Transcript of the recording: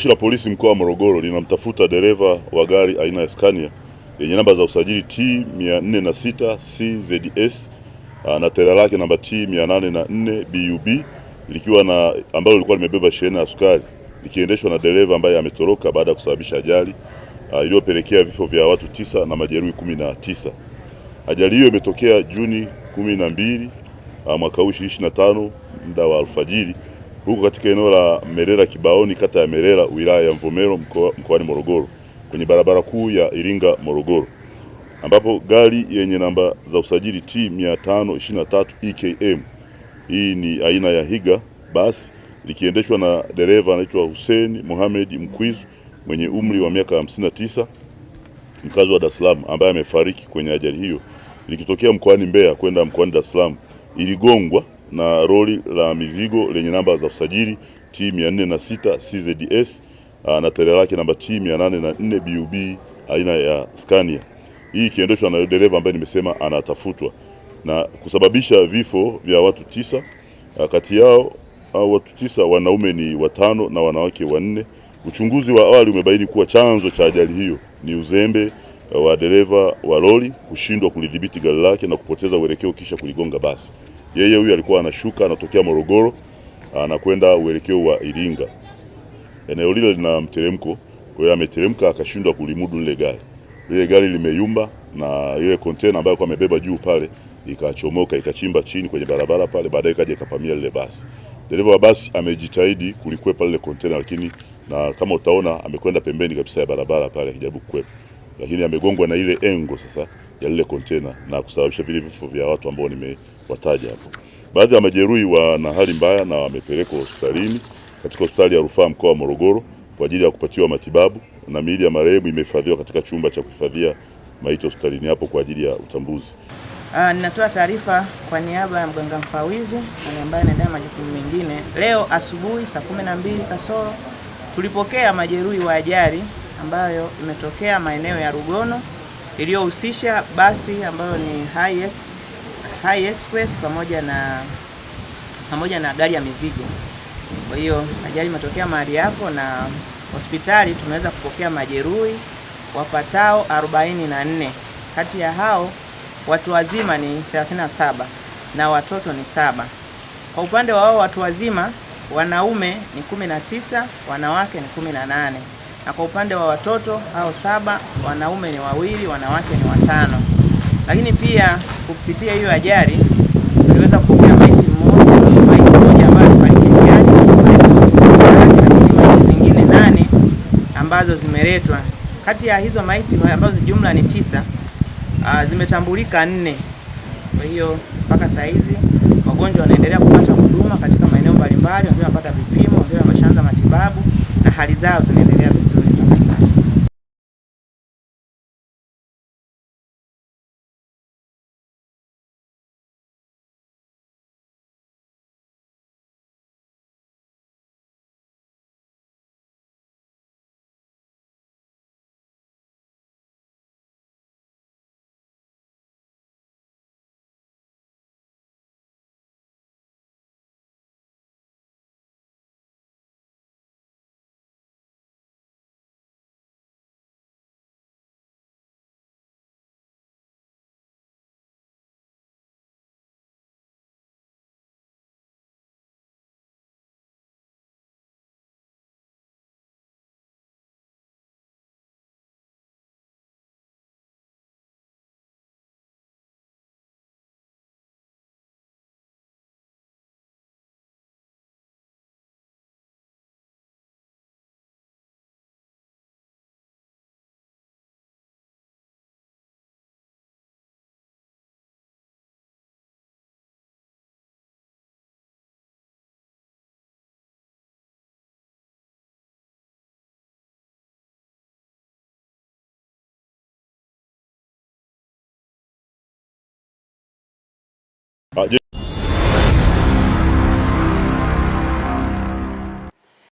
Jeshi la Polisi mkoa wa Morogoro linamtafuta dereva wa gari aina ya Scania yenye namba za usajili T 406 CZS na ah, tera lake namba T 804 BUB likiwa na ambalo lilikuwa limebeba shehena ya sukari likiendeshwa na dereva ambaye ametoroka baada ya kusababisha ajali ah, iliyopelekea vifo vya watu tisa na majeruhi kumi na tisa. Ajali hiyo imetokea Juni 12 ah, mwaka huu 25 muda wa alfajiri huko katika eneo la Merera Kibaoni, kata ya Merera, wilaya ya Mvomero, mkoani Morogoro, kwenye barabara kuu ya Iringa Morogoro, ambapo gari yenye namba za usajili T 523 EKM, hii ni aina ya Higa basi likiendeshwa na dereva anaitwa Hussein Mohamed Mkwizu mwenye umri wa miaka 59 mkazi wa Dar es Salaam ambaye amefariki kwenye ajali hiyo, likitokea mkoani Mbeya kwenda mkoani Dar es Salaam, iligongwa na roli la mizigo lenye namba za usajili T 406 CZDS na tairi ah, lake namba T 804 BUB aina ya Scania. Hii ikiendeshwa na dereva ambaye nimesema anatafutwa na kusababisha vifo vya watu tisa. Ah, kati yao au ah, watu tisa wanaume ni watano na wanawake wanne. Uchunguzi wa awali umebaini kuwa chanzo cha ajali hiyo ni uzembe wa dereva wa lori kushindwa kulidhibiti gari lake na kupoteza uelekeo kisha kuligonga basi. Yeye huyu alikuwa anashuka anatokea Morogoro anakwenda uelekeo wa Iringa. Eneo lile lina mteremko, kwa hiyo ameteremka akashindwa kulimudu lile gari. Lile gari limeyumba na ile container ambayo alikuwa amebeba juu pale ikachomoka ikachimba chini kwenye barabara pale, baadaye kaja ikapamia lile basi. Dereva wa basi amejitahidi kulikwepa lile container, lakini na kama utaona amekwenda pembeni kabisa ya barabara pale akijaribu kukwepa lakini amegongwa na ile engo sasa ya lile kontena na kusababisha vile vifo vya watu ambao nimewataja hapo. Baadhi ya majeruhi wana hali mbaya na wamepelekwa hospitalini katika hospitali ya rufaa mkoa wa Morogoro kwa ajili ya kupatiwa matibabu na miili ya marehemu imehifadhiwa katika chumba cha kuhifadhia maiti hospitalini hapo kwa ajili ya utambuzi. Uh, ninatoa taarifa kwa niaba ya mganga mfawizi ambaye anaendea majukumu mengine. Leo asubuhi saa kumi na mbili kasoro tulipokea majeruhi wa ajali ambayo imetokea maeneo ya Rugono iliyohusisha basi ambayo ni High, High Express pamoja na pamoja na gari ya mizigo. Kwa hiyo ajali imetokea mahali hapo, na hospitali tumeweza kupokea majeruhi wapatao 44. Kati ya hao watu wazima ni 37 na watoto ni saba. Kwa upande wa wao watu wazima, wanaume ni 19, wanawake ni 18 na kwa upande wa watoto hao saba, wanaume ni wawili, wanawake ni watano. Lakini pia kupitia hiyo ajali tuliweza kupokea maiti mmoja, maiti mmoja ambayo alifariki njiani, na maiti zingine nane ambazo zimeletwa. Kati ya hizo maiti ambazo jumla ni tisa, ah, zimetambulika nne. Kwa hiyo mpaka saa hizi wagonjwa wanaendelea kupata huduma katika maeneo mbalimbali, wengine wanapata vipimo, wengine wameshaanza matibabu na hali zao zinaendelea